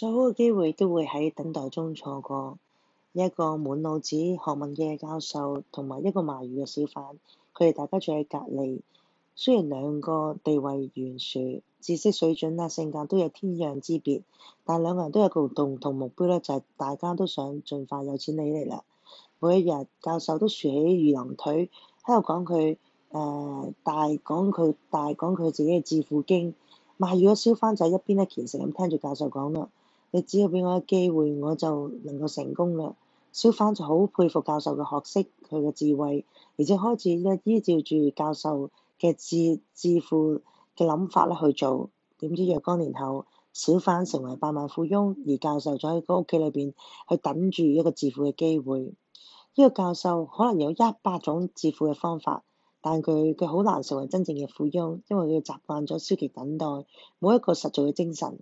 再好嘅機會都會喺等待中錯過。一個滿腦子學問嘅教授，同埋一個賣魚嘅小販，佢哋大家住喺隔離。雖然兩個地位懸殊、知識水準啦、性格都有天壤之別，但兩個人都有個共同目標咧，就係大家都想盡快有錢起嚟啦。每一日教授都豎起二郎腿，喺度講佢誒大講佢大講佢自己嘅致富經，賣魚嘅小販就一邊咧虔誠咁聽住教授講咯。你只要俾我一個機會，我就能夠成功啦！小販就好佩服教授嘅學識，佢嘅智慧，而且開始咧依照住教授嘅自致富嘅諗法咧去做。點知若干年後，小販成為百萬富翁，而教授就喺個屋企裏邊去等住一個致富嘅機會。呢、這個教授可能有一百種致富嘅方法，但佢佢好難成為真正嘅富翁，因為佢習慣咗消極等待，冇一個實在嘅精神。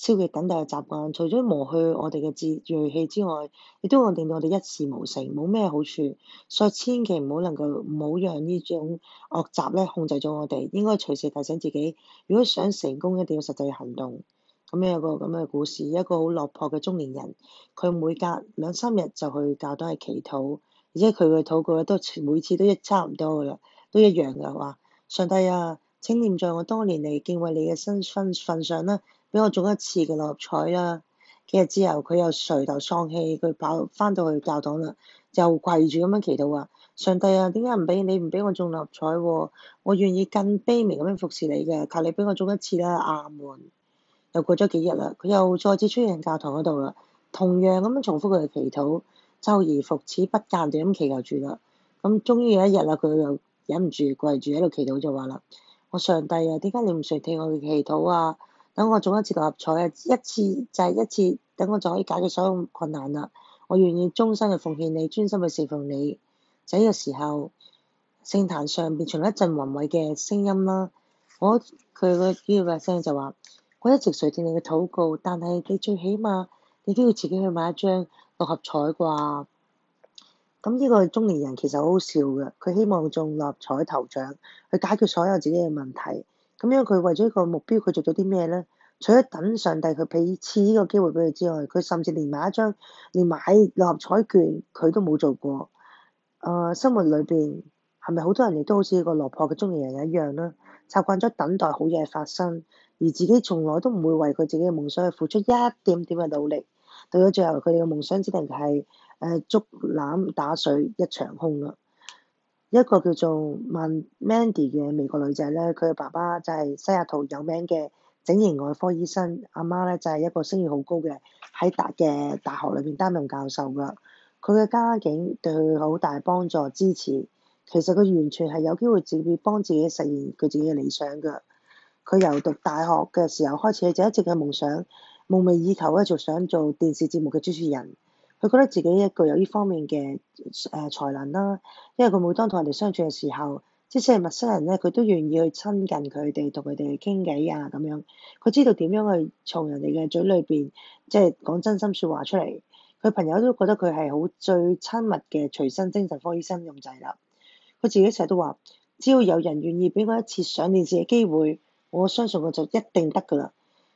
消極等待嘅習慣，除咗磨去我哋嘅志鋭氣之外，亦都會令到我哋一事無成，冇咩好處。所以千祈唔好能夠，唔好讓呢種惡習咧控制咗我哋。應該隨時提醒自己，如果想成功，一定要實際行動。咁有一個咁嘅故事，一個好落魄嘅中年人，佢每隔兩三日就去教堂去祈禱，而且佢嘅禱告都每次都一差唔多噶啦，都一樣嘅話，上帝啊，請念在我多年嚟敬畏你嘅身份份上啦。俾我中一次嘅六合彩啦，幾日之後佢又垂頭喪氣，佢跑翻到去教堂啦，又跪住咁樣祈禱話：上帝啊，點解唔俾你唔俾我中六合彩喎？我願意更卑微咁樣服侍你嘅，求你俾我中一次啦，阿門！又過咗幾日啦，佢又再次出現教堂嗰度啦，同樣咁樣重複佢嘅祈禱，周而復始不間斷咁祈求住啦。咁終於有一日啦，佢又忍唔住跪住喺度祈禱就話啦：我上帝啊，點解你唔垂聽我嘅祈禱啊？等我中一次六合彩啊！一次就係一次，等我就可以解決所有困難啦。我願意終身去奉獻你，專心去侍奉你。就喺個時候，聖壇上面傳嚟一陣宏偉嘅聲音啦。我佢個主要嘅聲音就話：我一直垂聽你嘅禱告，但係你最起碼你都要自己去買一張六合彩啩。咁呢個中年人其實好好笑嘅，佢希望中六合彩頭獎，去解決所有自己嘅問題。咁樣佢為咗一個目標，佢做咗啲咩咧？除咗等上帝佢俾次呢個機會俾佢之外，佢甚至連買一張，連買六合彩券佢都冇做過。誒、呃，生活裏邊係咪好多人亦都好似個落魄嘅中年人一樣啦？習慣咗等待好嘢發生，而自己從來都唔會為佢自己嘅夢想去付出一點點嘅努力，到咗最後佢哋嘅夢想只定係誒竹籃打水一場空啦。一個叫做曼 Mandy 嘅美國女仔呢，佢嘅爸爸就係西雅圖有名嘅整形外科醫生，阿媽呢就係一個聲譽好高嘅喺大嘅大學裏面擔任教授㗎。佢嘅家境對佢好大幫助支持，其實佢完全係有機會自己幫自己實現佢自己嘅理想㗎。佢由讀大學嘅時候開始就一直嘅夢想，夢寐以求一就想做電視節目嘅主持人。佢覺得自己一具有呢方面嘅誒、呃、才能啦，因為佢每當同人哋相處嘅時候，即使係陌生人咧，佢都願意去親近佢哋，同佢哋傾偈啊咁樣。佢知道點樣去從人哋嘅嘴裏邊，即係講真心説話出嚟。佢朋友都覺得佢係好最親密嘅隨身精神科醫生咁滯啦。佢自己成日都話，只要有人願意俾我一次上電視嘅機會，我相信我就一定得㗎啦。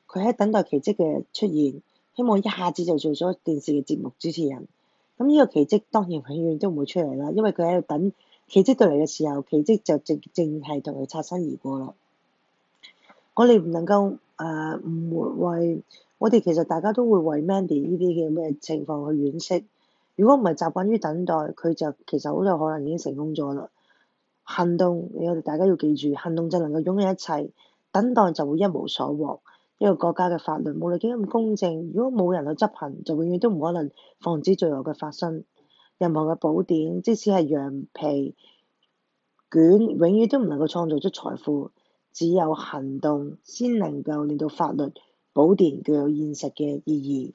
佢喺等待奇蹟嘅出現。希望一下子就做咗電視嘅節目主持人，咁呢個奇蹟當然永遠都唔會出嚟啦，因為佢喺度等奇蹟到嚟嘅時候，奇蹟就正正係同佢擦身而過啦。我哋唔能夠誒唔、呃、會為，我哋其實大家都會為 Mandy 呢啲嘅咩情況去惋惜。如果唔係習慣於等待，佢就其實好有可能已經成功咗啦。行動，我哋大家要記住，行動就能夠擁有一切，等待就會一無所獲。一個國家嘅法律，無論幾咁公正，如果冇人去執行，就永遠都唔可能防止罪惡嘅發生。任何嘅寶典，即使係羊皮卷，永遠都唔能夠創造出財富。只有行動，先能夠令到法律、寶典具有現實嘅意義。